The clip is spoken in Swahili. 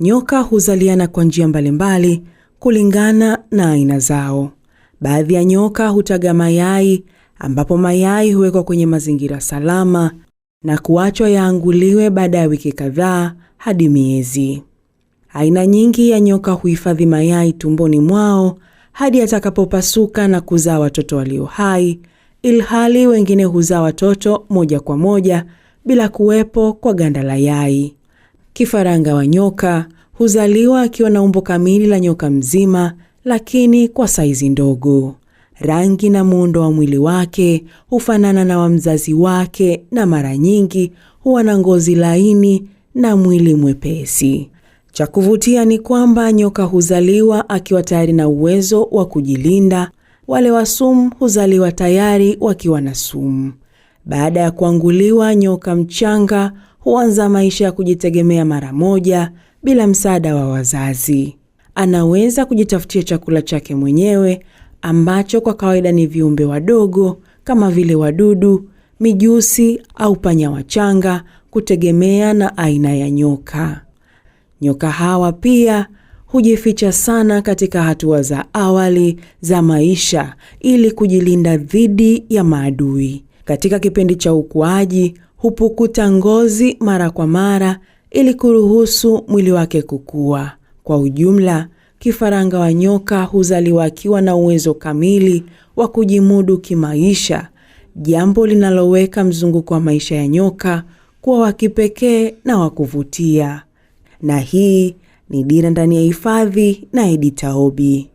Nyoka huzaliana kwa njia mbalimbali kulingana na aina zao. Baadhi ya nyoka hutaga mayai ambapo mayai huwekwa kwenye mazingira salama na kuachwa yaanguliwe baada ya wiki kadhaa hadi miezi. Aina nyingi ya nyoka huhifadhi mayai tumboni mwao hadi atakapopasuka na kuzaa watoto walio hai, ilhali wengine huzaa watoto moja kwa moja bila kuwepo kwa ganda la yai. Kifaranga wa nyoka huzaliwa akiwa na umbo kamili la nyoka mzima, lakini kwa saizi ndogo. Rangi na muundo wa mwili wake hufanana na wa mzazi wake na mara nyingi huwa na ngozi laini na mwili mwepesi. Cha kuvutia ni kwamba nyoka huzaliwa akiwa tayari na uwezo wa kujilinda. Wale wa sumu huzaliwa tayari wakiwa na sumu. Baada ya kuanguliwa, nyoka mchanga huanza maisha ya kujitegemea mara moja bila msaada wa wazazi. Anaweza kujitafutia chakula chake mwenyewe ambacho kwa kawaida ni viumbe wadogo kama vile wadudu, mijusi au panya wachanga, kutegemea na aina ya nyoka. Nyoka hawa pia hujificha sana katika hatua za awali za maisha ili kujilinda dhidi ya maadui. Katika kipindi cha ukuaji hupukuta ngozi mara kwa mara ili kuruhusu mwili wake kukua. Kwa ujumla, kifaranga wa nyoka huzaliwa akiwa na uwezo kamili wa kujimudu kimaisha, jambo linaloweka mzunguko wa maisha ya nyoka kuwa wa kipekee na wa kuvutia. Na hii ni Dira ndani ya Hifadhi na Edita Obi.